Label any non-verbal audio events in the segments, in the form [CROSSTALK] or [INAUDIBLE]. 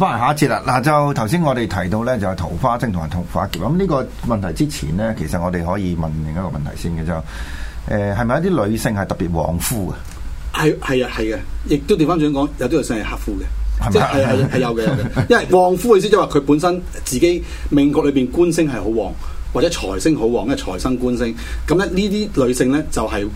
翻嚟下一節啦，嗱就頭先我哋提到咧，就係桃花星同埋桃花劫。咁呢個問題之前咧，其實我哋可以問另一個問題先嘅，就誒係咪一啲女性係特別旺夫嘅？係係啊係嘅，亦都調返轉講，有啲女性係克夫嘅，即係係係有嘅。因為旺夫意思即係話佢本身自己命局裏邊官星係好旺，或者財星好旺，因為財生官星。咁咧呢啲女性咧就係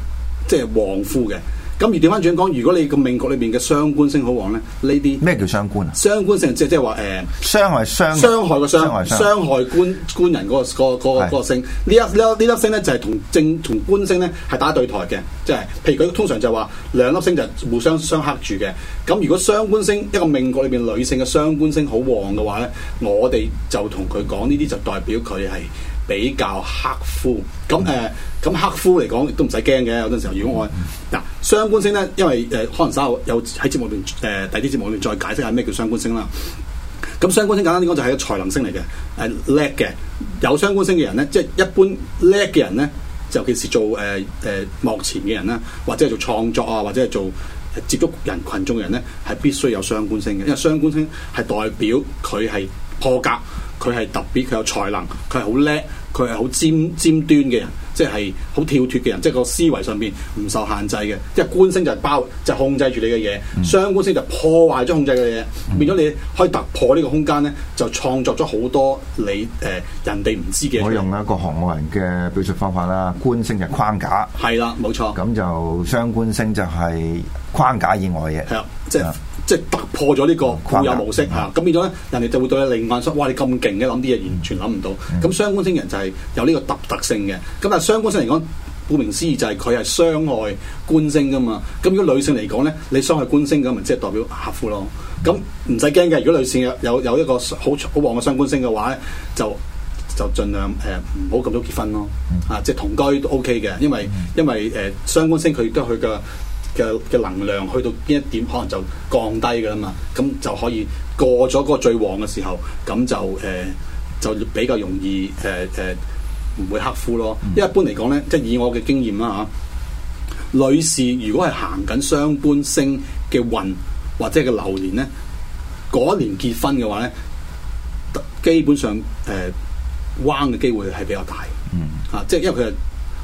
即係旺夫嘅。咁而調翻轉講，如果你個命局裏邊嘅傷官星好旺咧，呢啲咩叫傷官啊？傷官星即係即係話誒，傷、呃、害傷傷害個傷傷害官官人、那個、那個是個星，星呢一粒呢粒星咧就係、是、同正同官星咧係打對台嘅，即、就、係、是，譬如佢通常就話兩粒星就互相相克住嘅。咁如果傷官星一個命局裏邊女性嘅傷官星好旺嘅話咧，我哋就同佢講呢啲就代表佢係比較克夫。咁誒、嗯，咁克、呃、夫嚟講亦都唔使驚嘅。有陣時候如果我嗱。嗯嗯相關官星咧，因為誒可能稍後有喺節目裏面誒第啲節目裏面再解釋下咩叫相關官星啦。咁相關官星簡單嚟講就係一個才能星嚟嘅，誒叻嘅。有相關官星嘅人咧，即係一般叻嘅人咧，尤其是做誒誒幕前嘅人啦，或者係做創作啊，或者係做接觸人群眾嘅人咧，係必須有相關官星嘅。因為相關官星係代表佢係破格，佢係特別，佢有才能，佢係好叻，佢係好尖尖端嘅人。即係好跳脫嘅人，即係個思維上面唔受限制嘅。即係官星就係包，就係、控制住你嘅嘢；嗯、傷官星就破壞咗控制嘅嘢，嗯、變咗你可以突破呢個空間呢，就創作咗好多你誒、呃、人哋唔知嘅。我用一個韓國人嘅表述方法啦，官星就框架，係啦，冇錯。咁就傷官星就係框架以外嘅嘢，係啊，即係。即係突破咗呢個固有模式嚇，咁、嗯啊、變咗咧，人哋就會對你另眼相看。哇！你咁勁嘅，諗啲嘢完全諗唔到。咁、嗯、傷官星人就係有呢個獨特性嘅。咁但係傷官星嚟講，顧名思義就係佢係傷害官星噶嘛。咁、嗯、如果女性嚟講咧，你傷害官星咁，咪即係代表剋夫咯。咁唔使驚嘅，如果女性有有，有一個好好旺嘅傷官星嘅話咧，就就儘量誒唔好咁早結婚咯。啊，即、就、係、是、同居都 OK 嘅，因為因為誒傷官星佢都佢嘅。呃嘅嘅能量去到邊一點，可能就降低噶啦嘛，咁就可以過咗嗰個最旺嘅時候，咁就誒、呃、就比較容易誒誒唔會克夫咯。因為、嗯、一般嚟講咧，即係以我嘅經驗啦嚇、呃，女士如果係行緊雙官星嘅運或者嘅流年咧，嗰一年結婚嘅話咧，基本上誒、呃、彎嘅機會係比較大，嗯啊，即係因為佢係。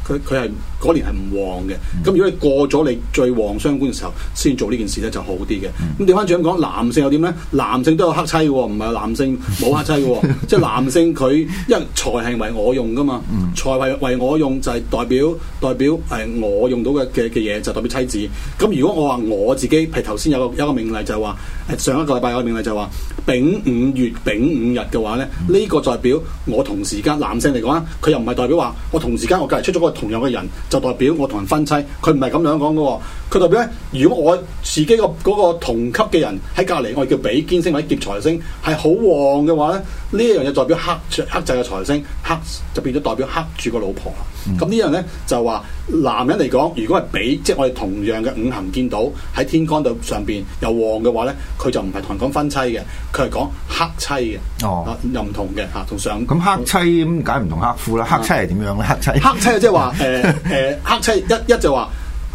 佢佢係嗰年係唔旺嘅，咁如果你過咗你最旺相官嘅時候先做呢件事咧，就好啲嘅。咁調翻轉講，男性又點咧？男性都有黑妻嘅，唔係男性冇黑妻嘅、哦、 [LAUGHS] 即係男性佢因為財係為我用噶嘛，財為 [LAUGHS] 為我用就係、是、代表代表誒我用到嘅嘅嘅嘢就是、代表妻子。咁如果我話我自己譬如頭先有個有個命例就係話誒上一個禮拜有個命例就係話丙午月丙午日嘅話咧，呢 [LAUGHS] 個代表我同時間男性嚟講啊，佢又唔係代表話我同時間我隔籬出咗、那個。同樣嘅人就代表我同人分妻，佢唔係咁樣講噶、哦。佢代表咧，如果我自己個、嗰個同級嘅人喺隔籬，我哋叫比肩星或者劫財星係好旺嘅話咧，呢一樣嘢就代表克克制嘅財星，克就變咗代表克住個老婆。咁、嗯、呢樣咧就話男人嚟講，如果係比即係、就是、我哋同樣嘅五行見到喺天干度上邊又旺嘅話咧，佢就唔係同人講分妻嘅，佢係講黑妻嘅。哦，啊、又唔同嘅吓，同、啊、上咁、嗯、黑妻咁解唔同黑夫啦。黑妻係點樣咧？黑妻、啊、黑妻即係話誒誒，黑妻一一就話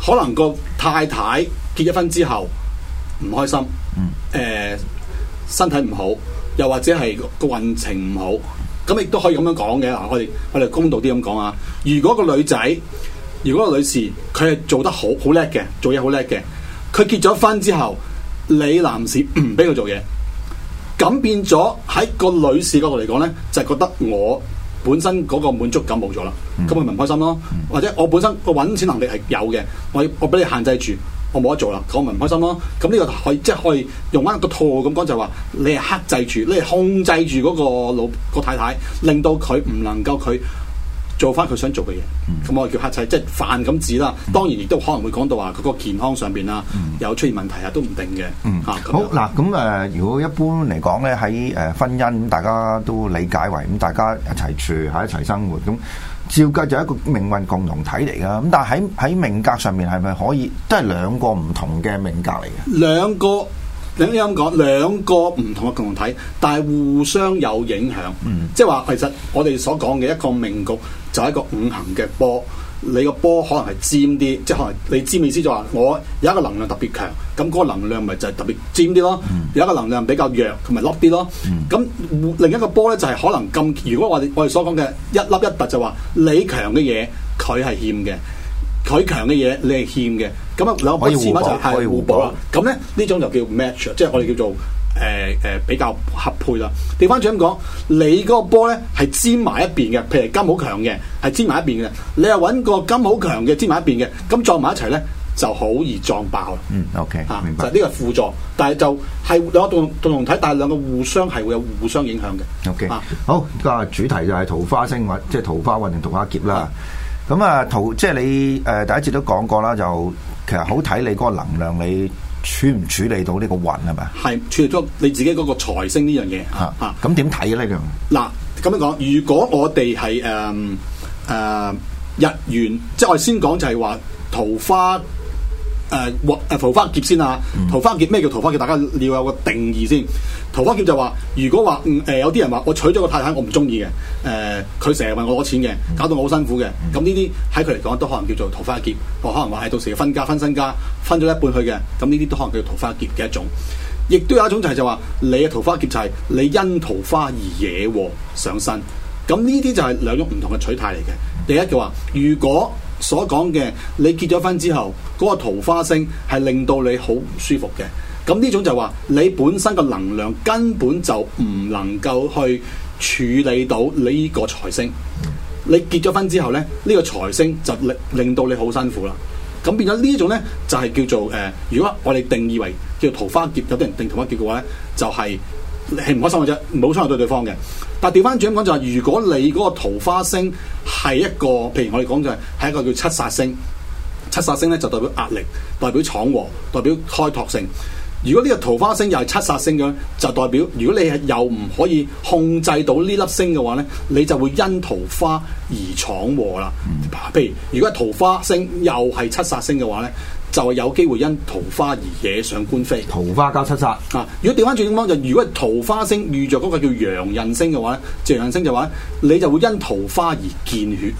可能個太太結咗婚之後唔開心，誒、嗯呃、身體唔好，又或者係個運程唔好。咁亦都可以咁樣講嘅，嗱，我哋我哋公道啲咁講啊。如果個女仔，如果個女士，佢係做得好好叻嘅，做嘢好叻嘅，佢結咗婚之後，你男士唔俾佢做嘢，咁變咗喺個女士角度嚟講咧，就係覺得我本身嗰個滿足感冇咗啦，咁咪唔開心咯。或者我本身個搵錢能力係有嘅，我我俾你限制住。我冇得做啦，咁咪唔開心咯。咁、嗯、呢、嗯、個可以即係、就是、可以用翻個套咁講，就話、是、你係克制住，你係控制住嗰個老個太太，令到佢唔能夠佢做翻佢想做嘅嘢。咁、嗯、我叫克制，即、就、係、是、範咁止啦。當然亦都可能會講到話佢、那個健康上邊啊，嗯、有出現問題啊都唔定嘅。嗯，啊、這樣 好嗱，咁誒、呃，如果一般嚟講咧，喺誒、呃、婚姻，大家都理解為咁，大家一齊住喺一齊生活咁。照計就係一個命運共同體嚟㗎，咁但係喺喺命格上面係咪可以都係兩個唔同嘅命格嚟嘅？兩個，兩樣講兩個唔同嘅共同體，但係互相有影響。嗯，即係話其實我哋所講嘅一個命局就係一個五行嘅波。你個波可能係尖啲，即係可能你知唔意思就話我有一個能量特別強，咁嗰個能量咪就係特別尖啲咯。嗯、有一個能量比較弱，同埋凹啲咯。咁、嗯、另一個波咧就係可能咁。如果我哋我哋所講嘅一凹一凸就話，你強嘅嘢佢係欠嘅，佢強嘅嘢你係欠嘅。咁啊兩個波次就係互補啦。咁咧寶呢種就叫 match，即係我哋叫做。誒誒、呃呃、比較合配啦。掉翻轉咁講，你嗰個波咧係粘埋一邊嘅，譬如金好強嘅，係粘埋一邊嘅。你又揾個金好強嘅粘埋一邊嘅，咁撞埋一齊咧就好易撞爆啦。嗯，OK、啊、明白。就呢個輔助，但係就係兩個動動同體，但係兩個互相係會有互相影響嘅。OK、啊、好，今、那、日、個、主題就係桃花星運，即係桃花運定桃花劫啦。咁的啊，桃即係你誒，第一節都講過啦，就其實好睇你嗰個能量你。處唔處理到呢個運係咪？係處理咗你自己嗰個財星呢樣嘢。吓，咁點睇呢樣？嗱，咁樣講，如果我哋係誒誒日元，即係我哋先講就係話桃花。誒，誒、呃呃、桃花劫先啊！嗯、桃花劫咩，叫桃花劫？大家你要有個定義先。桃花劫就話，如果話誒、嗯呃、有啲人話我娶咗個太太，太我，我唔中意嘅，誒佢成日問我攞錢嘅，搞到我好辛苦嘅。咁呢啲喺佢嚟講都可能叫做桃花劫，或可能話係到時分家分身家分咗一半去嘅。咁呢啲都可能叫桃花劫嘅一種。亦都有一種就係就話你嘅桃花劫就係、是、你因桃花而惹禍上身。咁呢啲就係兩種唔同嘅取態嚟嘅。第一就話，如果所講嘅你結咗婚之後，嗰個桃花星係令到你好唔舒服嘅。咁呢種就話，你本身嘅能量根本就唔能夠去處理到你呢個財星。你結咗婚之後咧，呢個財星就令令到你好辛苦啦。咁變咗呢一種咧，就係叫做誒，如果我哋定義為叫做桃花劫，有啲人定桃花劫嘅話咧，就係你係唔開心或者唔好傷害到對方嘅。但係調翻轉咁講就係，如果你嗰個桃花星係一個，譬如我哋講就係，一個叫七殺星。七殺星咧就代表壓力，代表闖禍，代表開拓性。如果呢個桃花星又係七殺星嘅，就代表如果你係又唔可以控制到呢粒星嘅話咧，你就會因桃花而闖禍啦。譬如如果桃花星又係七殺星嘅話咧。就係有機會因桃花而惹上官非，桃花交七殺啊！如果調翻轉點講，就如果係桃花星遇着嗰個叫羊刃星嘅話，羊刃星就話你就會因桃花而見血。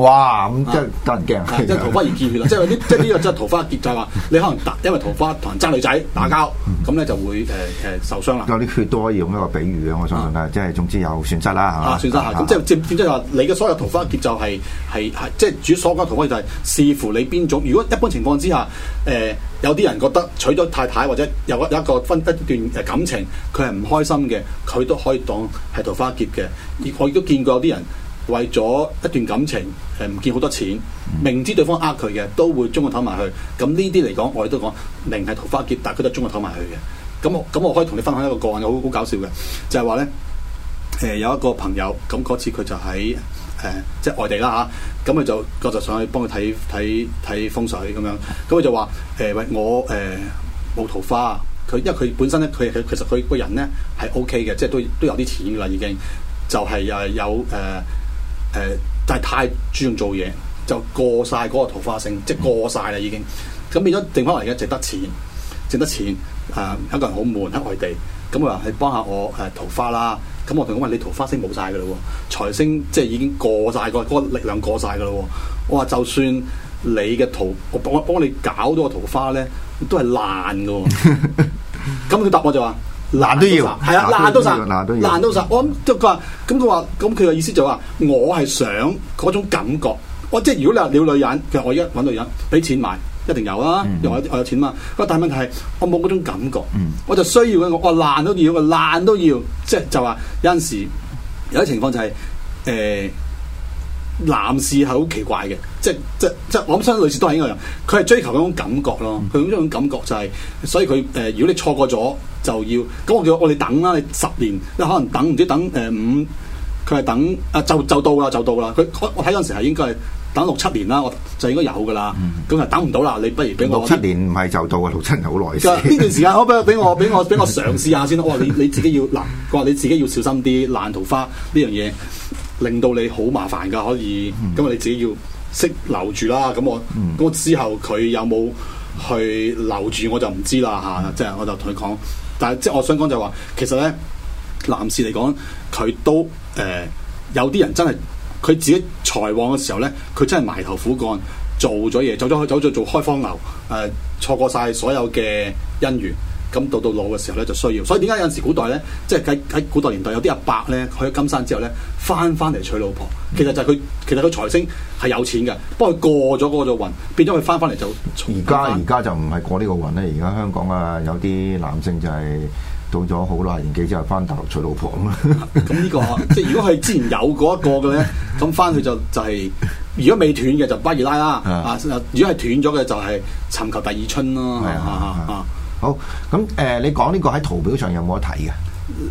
哇！咁、嗯啊、真係得人驚即係桃花而結血啊！即係啲即係呢個即係桃花劫就係話，你可能因為桃花同人爭女仔打交，咁咧、嗯、就會誒誒、呃、受傷啦。有啲血多，用一個比喻嘅，我相信啊，即係、嗯、總之有損失啦，係嘛、嗯？損失嚇吧。咁即係即係話，你嘅所有桃花劫就係係即係主要所有桃花劫就係、是、視乎你邊種。如果一般情況之下，誒、呃、有啲人覺得娶咗太太，太或者有一有一個分一段誒感情，佢係唔開心嘅，佢都可以當係桃花劫嘅。我亦都見過有啲人。為咗一段感情，誒、呃、唔見好多錢，明知對方呃佢嘅，都會中我投埋去。咁呢啲嚟講，我哋都講明係桃花劫，但佢都中我投埋去嘅。咁我咁我可以同你分享一個個案好好搞笑嘅，就係話咧，誒、呃、有一個朋友，咁、那、嗰、個、次佢就喺誒即係外地啦嚇，咁、啊、佢就我就上去幫佢睇睇睇風水咁樣，咁佢就話誒、呃、喂我誒冇、呃、桃花，佢因為佢本身咧，佢其實佢個人咧係 O K 嘅，即係都都，都有啲錢噶啦，已經就係、是、誒有誒。誒就係太注重做嘢，就過晒嗰個桃花星，即係過晒啦已經。咁變咗剩翻嚟嘅，值得錢，值得錢。誒、呃，一個人好悶喺外地，咁、嗯、我話你幫下我誒、呃、桃花啦。咁、嗯、我同佢話：你桃花星冇曬㗎喇喎，財星即係已經過晒、嗰個力量過曬㗎喇喎。我話就算你嘅桃，我幫幫你搞咗個桃花咧，都係爛嘅。咁佢 [LAUGHS] 答我就話。爛都要，係啊，爛都曬，爛都曬。都要都要，我咁即佢話，咁佢話，咁佢嘅意思就話、是，我係想嗰種感覺。我即係如果你話撩女人，其實我一搵女人俾錢買，一定有啦。嗯、我有我有錢嘛。但係問題係，我冇嗰種感覺，嗯、我就需要嘅，我爛都要，爛都要。即係就話，有陣時有啲情況就係、是，誒、呃。男士係好奇怪嘅，即係即係即係，我諗相女士都係一樣，佢係追求嗰種感覺咯。佢嗰種感覺就係、是，所以佢誒、呃，如果你錯過咗，就要咁我叫我哋等啦。你十年，即可能等唔知等誒、呃、五，佢係等啊就就到啦，就到啦。佢我睇嗰陣時係應該係等六七年啦，我就應該有噶啦。咁啊、嗯、等唔到啦，你不如俾我六七年唔係就到啊，六七年好耐呢段時間可唔可以俾我俾 [LAUGHS] 我俾我嘗試下先我話你你，你自己要嗱，佢話你自己要小心啲爛桃，桃花呢樣嘢。令到你好麻煩噶，可以咁啊！你自己要識留住啦。咁我、嗯、之後佢有冇去留住，我就唔知啦吓。即、啊、係、就是、我就同佢講，但係即係我想講就係話，其實咧男士嚟講，佢都誒、呃、有啲人真係佢自己財旺嘅時候咧，佢真係埋頭苦幹做咗嘢，走咗去走咗做開荒牛誒，錯、呃、過晒所有嘅姻緣。咁到到老嘅時候咧就需要，所以點解有陣時古代咧，即係喺喺古代年代有啲阿伯咧去金山之後咧翻翻嚟娶老婆，其實就係佢其實佢財星係有錢嘅，過不過佢過咗嗰個運，變咗佢翻翻嚟就而家而家就唔係過呢個運咧，而家香港啊有啲男性就係到咗好耐，年紀之後翻大陸娶老婆咁咁呢個 [LAUGHS] 即係如果佢之前有嗰一個嘅咧，咁翻去就就係、係如果未斷嘅就巴而拉啦，啊，啊如果係斷咗嘅就係尋求第二春咯，啊啊！ [LAUGHS] 好，咁誒、呃，你講呢個喺圖表上有冇得睇嘅？誒、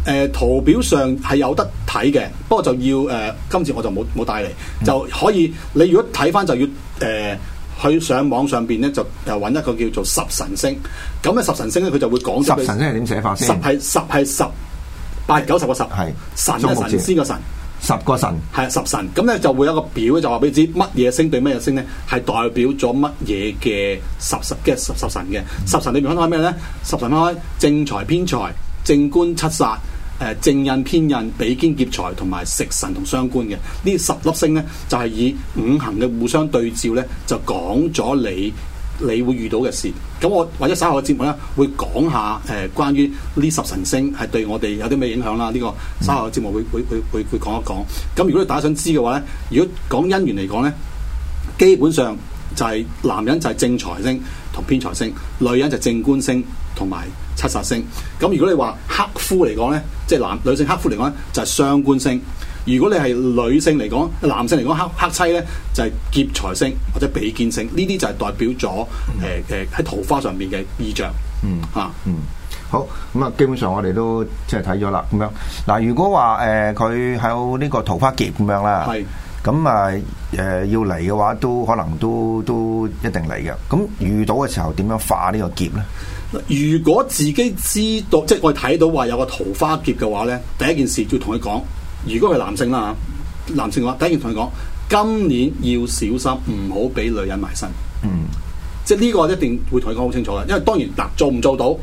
呃，圖表上係有得睇嘅，不過就要誒、呃，今次我就冇冇帶嚟，嗯、就可以你如果睇翻就要誒、呃、去上網上面咧就誒揾一個叫做十神星，咁咧十神星咧佢就會講十神星係點寫法先十係十係十八九十個十，的神係神仙個神。十個神係、 [NOISE] 嗯、十神。咁咧就會有一個表就話俾你知乜嘢星對乜嘢星咧係代表咗乜嘢。嘅十十嘅十十神嘅十神你分開咩？咧十神分開正財偏財正官七殺、誒、呃、正印偏印比肩劫財同埋食神同傷官，嘅呢十粒星咧就係、是、以五行嘅互相對照咧就講咗你。你會遇到嘅事咁，我或者稍後嘅節目咧會講下誒、呃、關於呢十神星係對我哋有啲咩影響啦。呢、這個稍後嘅節目會會會會講一講。咁如果你打想知嘅話咧，如果講姻緣嚟講咧，基本上就係男人就係正財星同偏財星，女人就係正官星同埋七煞星。咁如果你話克夫嚟講咧，即、就、係、是、男女性克夫嚟講咧，就係、是、雙官星。如果你係女性嚟講，男性嚟講，黑黑妻咧就係、是、劫財性或者被見性，呢啲就係代表咗誒誒喺桃花上邊嘅意象。嗯啊，嗯好，咁啊，基本上我哋都即係睇咗啦。咁樣嗱，如果話誒佢喺呢個桃花劫咁樣啦，係咁啊誒要嚟嘅話都，都可能都都一定嚟嘅。咁遇到嘅時候點樣化呢個劫咧？如果自己知道，即係我睇到話有個桃花劫嘅話咧，第一件事要同佢講。如果係男性啦嚇，男性嘅話，第一件同佢講，今年要小心，唔好俾女人埋身。嗯，即係呢個一定會同佢講好清楚啦。因為當然嗱、啊，做唔做到，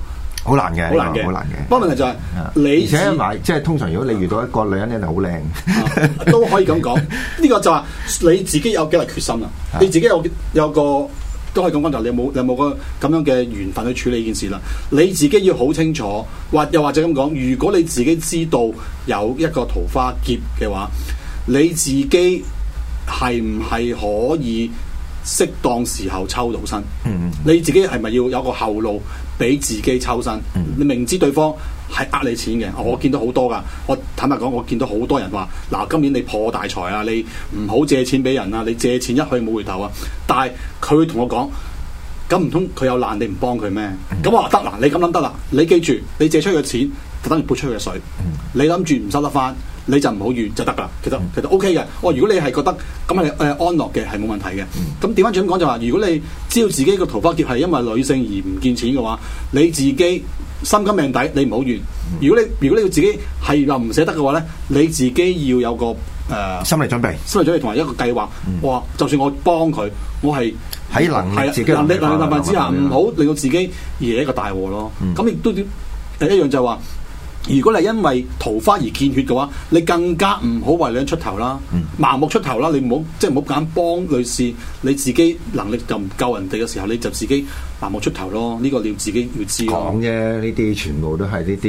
好難嘅，好難嘅，好難嘅。不過問題就係、是，啊、你自，而且即係通常，如果你遇到一個女人真係好靚，都可以咁講。呢 [LAUGHS] 個就係你自己有幾大決心呀，啊、你自己有有個。有都可以講講，就你有冇有冇個咁樣嘅緣分去處理件事啦？你自己要好清楚，或又或者咁講，如果你自己知道有一個桃花劫嘅話，你自己係唔係可以適當時候抽到身？嗯嗯，你自己係咪要有個後路？俾自己抽身，你明知對方係呃你錢嘅，我見到好多㗎。我坦白講，我見到好多人話：嗱，今年你破大財啊，你唔好借錢俾人啊，你借錢一去冇回頭啊。但係佢同我講：咁唔通佢有難，你唔幫佢咩？咁我話得啦，你咁諗得啦。你記住，你借出去嘅錢就等於撥出去嘅水，你諗住唔收得翻。你就唔好怨就得噶啦，其實其實 O K 嘅。我如果你係覺得咁係誒安樂嘅，係冇問題嘅。咁調翻轉咁講就話，如果你知道自己個桃花劫係因為女性而唔見錢嘅話，你自己心甘命抵，你唔好怨。如果你如果你要自己係又唔捨得嘅話咧，你自己要有個誒心理準備，心理準備同埋一個計劃。哇！就算我幫佢，我係喺能自己嘅能力範圍之內，唔好令到自己惹一個大禍咯。咁亦都第一樣就係話。如果你因為桃花而見血嘅話，你更加唔好為兩出頭啦，嗯、盲目出頭啦，你唔好即係唔好揀幫女士，你自己能力就唔夠人哋嘅時候，你就自己盲目出頭咯。呢、呢個你要自己要知道。講啫，呢啲全部都係呢啲，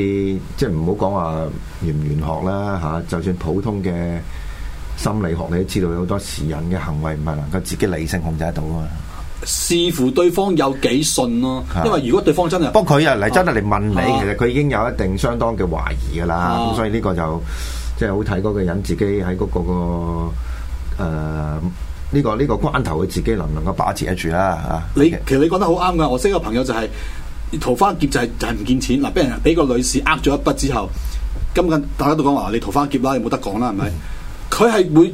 即係唔好講話玄唔玄學啦嚇、啊。就算普通嘅心理學，你都知道有好多時人嘅行為唔係能夠自己理性控制得到啊。視乎對方有幾信咯，因為如果對方真係，不佢又嚟真係嚟問你，其實佢已經有一定相當嘅懷疑噶啦，咁、啊、所以呢個就即係好睇嗰個人自己喺嗰、那個、呃這個誒呢個呢個關頭，佢自己能唔能夠把持得住啦？吓、啊，okay、你其實你講得好啱噶，我識一個朋友就係桃花劫就係、是、就係、是、唔見錢嗱，俾人俾個女士呃咗一筆之後，今日大家都講話你桃花劫啦，有冇得講啦？係咪？佢係、嗯、會。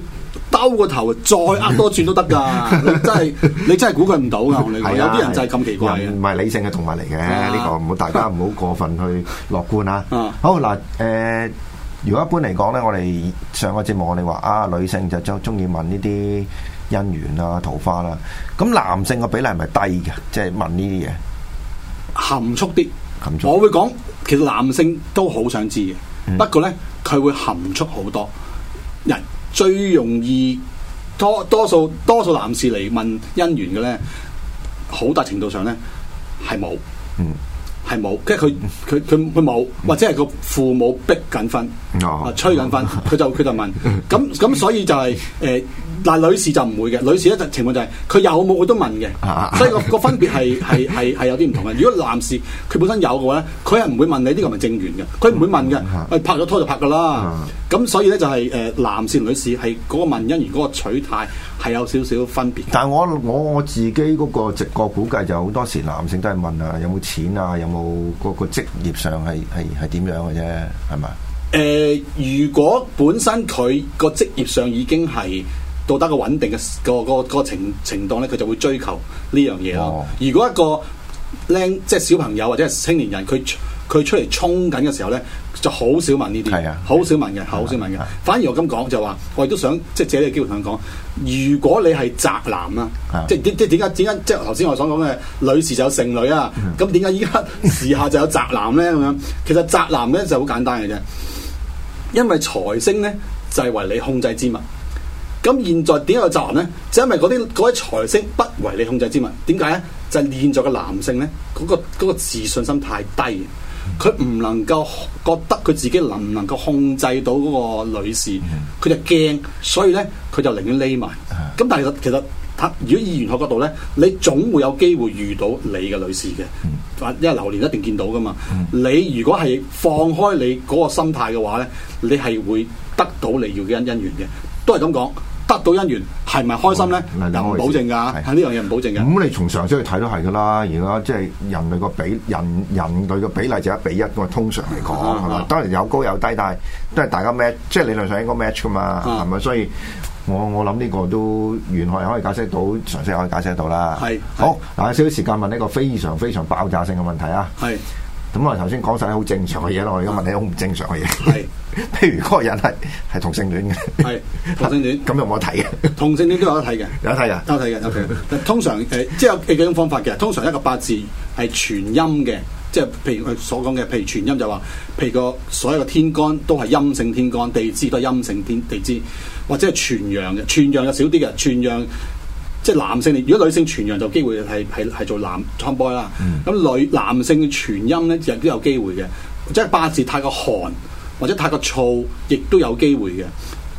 兜個頭再呃多轉都得噶，真係 [LAUGHS] 你真係估佢唔到噶，有啲人就係咁奇怪、啊。唔係理性嘅動物嚟嘅呢個，唔好大家唔好過分去樂觀啦啊。好嗱，誒、呃，如果一般嚟講咧，我哋上個節目我哋話啊，女性就中中意問呢啲姻緣啊桃花啦、啊，咁男性嘅比例係咪低嘅？即、就、係、是、問呢啲嘢含蓄啲，含蓄。我會講其實男性都好想知嘅，不過咧佢會含蓄好多人。最容易，多多數，多數男士嚟問姻緣嘅咧，好大程度上咧係冇，嗯，係冇，即係佢佢佢佢冇，或者係個父母逼緊婚，哦催緊婚，佢、哦、就佢就問，咁咁 [LAUGHS] 所以就係、是、誒。呃嗱，女士就唔會嘅，女士咧就情況就係、是、佢有冇我都問嘅，啊、所以個分別係係係係有啲唔同嘅。如果男士佢本身有嘅話咧，佢係唔會問你呢個唔咪正緣嘅，佢唔會問嘅。喂、嗯，啊、拍咗拖就拍嘅啦。咁、啊、所以咧就係、是、誒、呃，男士女士係嗰個問因，如果取態係有少少分別。但係我我我自己嗰個直覺估計就好多時男性都係問啊，有冇錢啊，有冇嗰個職業上係係係點樣嘅啫，係咪？誒、呃，如果本身佢個職業上已經係。是到得個穩定嘅個個個情情況咧，佢就會追求呢樣嘢咯。如果一個僆即係小朋友或者係青年人，佢佢出嚟衝緊嘅時候咧，就好少問呢啲，好、係啊、少問嘅，好的少問嘅。反而我咁講就話，我亦都想即係借呢個機會同佢講：如果你係宅男啊的，即係點點點解點解即係頭先我所講嘅女士就有剩女啊？咁點解依家時下就有宅男咧？咁樣 [LAUGHS] 其實宅男咧就好簡單嘅啫，因為財星咧就係、是、為你控制之物。咁現在點解有責任咧？就是、因為嗰啲位財星不為你控制之物，點解咧？就係、是、現在嘅男性咧，嗰、嗰個嗰個自信心太低，佢唔、嗯、能夠覺得佢自己能唔能夠控制到嗰個女士，佢、嗯、就驚，所以咧佢就寧願匿埋。咁、嗯、但係其實其實，如果易學角度咧，你總會有機會遇到你嘅女士嘅，嗯、因為流年一定見到噶嘛。嗯、你如果係放開你嗰個心態嘅話咧，你係會得到你要嘅姻姻緣嘅，都係咁講。得到姻緣係唔係開心咧？唔保證噶係呢樣嘢唔保證嘅。咁、嗯、你從常識去睇都係噶啦，如果即係人類個比人人類嘅比例就一比一，我通常嚟講係嘛。嗯嗯、吧當然有高有低，但係都係大家 match，即係理論上應該 match 噶嘛，係咪、嗯？所以我我諗呢個都完全可以解釋到，常識可以解釋到啦。係好嗱，有少少時間問呢個非常非常爆炸性嘅問題啊！係。咁啊，頭先講晒啲好正常嘅嘢，我而家問你好唔正常嘅嘢。係是， [LAUGHS] 譬如嗰個人係係同性戀嘅，係同性戀，咁 [LAUGHS] 有冇得睇嘅？同性戀都有得睇嘅，有得睇嘅，有得睇嘅。通常誒、呃，即係有幾種方法嘅。通常一個八字係全陰嘅，即係譬如佢所講嘅，譬如全陰就話，譬如個所有嘅天干都係陰性天干，地支都係陰性天地支，或者係全陽嘅，全陽有少啲嘅，全陽。即係男性，如果女性全陽就機會係係係做男 tomboy 啦。咁、嗯、女男性嘅全陰咧亦都有機會嘅，即係八字太過寒或者太過燥，亦都有機會嘅。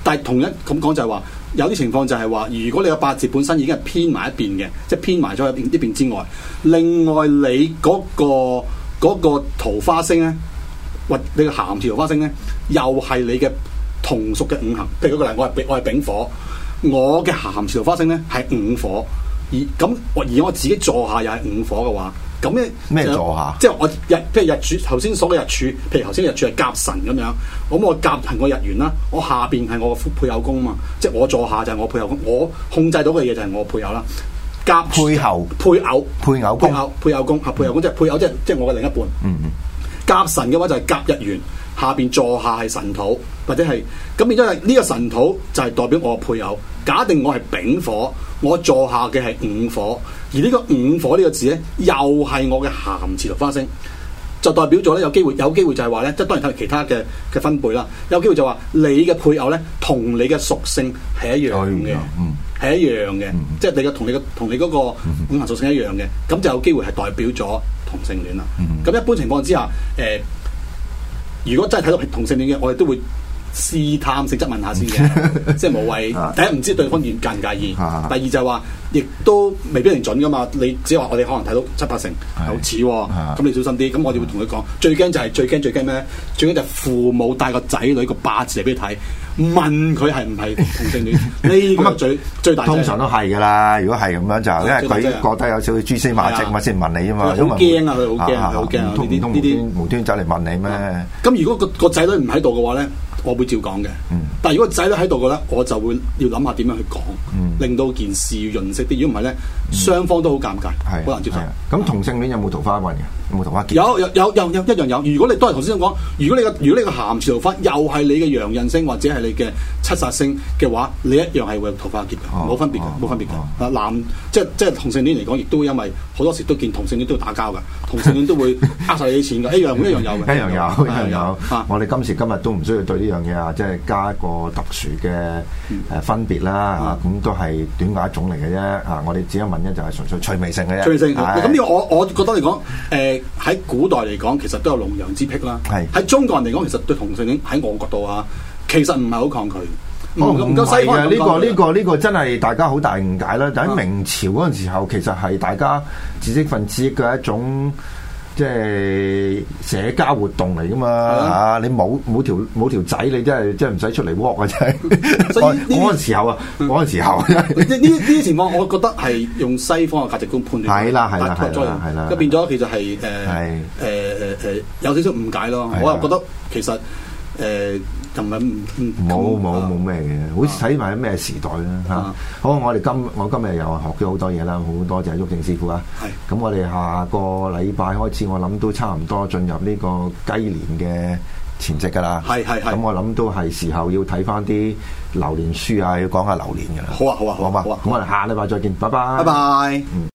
但係同一咁講就係話，有啲情況就係話，如果你個八字本身已經係偏埋一邊嘅，即係偏埋咗一邊之外，另外你嗰、嗰個嗰個桃花星咧，或者你嘅咸條桃花星咧，又係你嘅同屬嘅五行。譬如嗰個例，我係我係丙火。我嘅咸池桃花星咧，係五火，而咁我而我自己坐下又係五火嘅話，咁咧咩坐下？即係我日即係日柱，頭先所謂日柱，譬如頭先日柱係甲申咁樣，咁我甲係我日元啦，我下邊係我配配偶宮嘛，即係我坐下就係我配偶宮，我控制到嘅嘢就係我配偶啦。甲配偶配偶配偶宮配偶配偶宮，配偶宮即係配偶，即係即係我嘅另一半。嗯嗯。甲神嘅話就係甲日元，下邊座下係神土或者係咁，因為呢個神土就係代表我嘅配偶。假定我係丙火，我座下嘅係五火，而呢、這個五火，這個，呢個字咧，又係我嘅咸池桃花星，就代表咗咧有機會，有機會就係話咧，即係當然睇其他嘅嘅分配啦。有機會就話你嘅配偶咧，同你嘅屬性係一樣嘅，係、嗯、一樣嘅，嗯、即係你嘅同你嘅同你個五行屬性一樣嘅，咁就有機會係代表咗。同性戀啦，咁一般情況之下，誒、呃，如果真係睇到同性戀嘅，我哋都會。試探性質問下先嘅，即係無謂。第一唔知對方介唔介意，第二就話亦都未必係準噶嘛。你只係話我哋可能睇到七八成好似，咁你小心啲。咁我哋會同佢講。最驚就係最驚最驚咩？最驚就父母帶個仔女個八字嚟俾佢睇，問佢係唔係同性戀呢？咁啊最最大通常都係噶啦。如果係咁樣就因為佢覺得有少少蛛絲馬跡，嘛，先問你啊嘛。好驚啊，佢好驚啊，佢好驚呢呢啲無端走嚟問你咩？咁如果個個仔女唔喺度嘅話咧？我會照講嘅，嗯、但係如果仔女喺度嘅咧，我就會要諗下點樣去講，嗯、令到件事要潤色啲。如果唔係咧，雙方都好尷尬，好、嗯、難接受。咁同性戀有冇桃花運嘅？有有有有一樣有。如果你都係頭先講，如果你個如果呢個鹹池桃花，又係你嘅陽刃星或者係你嘅七煞星嘅話，你一樣係會有桃花劫嘅，冇分別嘅，冇分別嘅。男即係即係同性戀嚟講，亦都會因為好多時都見同性戀都會打交嘅，同性戀都會呃晒你啲錢嘅，一樣一樣有。一樣有一樣有。我哋今時今日都唔需要對呢樣嘢啊，即係加一個特殊嘅誒分別啦嚇。咁都係短寡一種嚟嘅啫嚇。我哋只係問一就係純粹趣味性嘅啫。趣味性。咁呢個我我覺得嚟講誒。喺古代嚟講，其實都有龍陽之癖啦。喺是中國人嚟講，其實對同性戀喺我角度啊，其實唔係好抗拒。西方呢個呢、呢個呢、呢個真係大家好大誤解啦。但喺明朝嗰陣時候，其實係大家知識分子嘅一種。即係社交活動嚟噶嘛？啊！你冇冇條冇條仔，你真係真係唔使出嚟 work 啊！真係。所以嗰陣時候啊，嗰陣時候，呢呢啲情況，我覺得係用西方嘅價值觀判斷，係啦係啦係啦，就變咗其實係誒誒誒誒有少少誤解咯。我又覺得其實誒。冇冇冇咩嘅，好似睇埋咩時代啦嚇、啊啊。好，我哋今我今日又學咗好多嘢啦，好多謝毓証師傅啊。係是。咁我哋下個禮拜開始，我諗都差唔多進入呢個雞年嘅前夕㗎啦。係係係。咁我諗都係時候要睇翻啲流年書啊，要講下流年㗎啦。好啊好啊好啊。咁我哋下禮拜再見，拜拜。拜拜。嗯。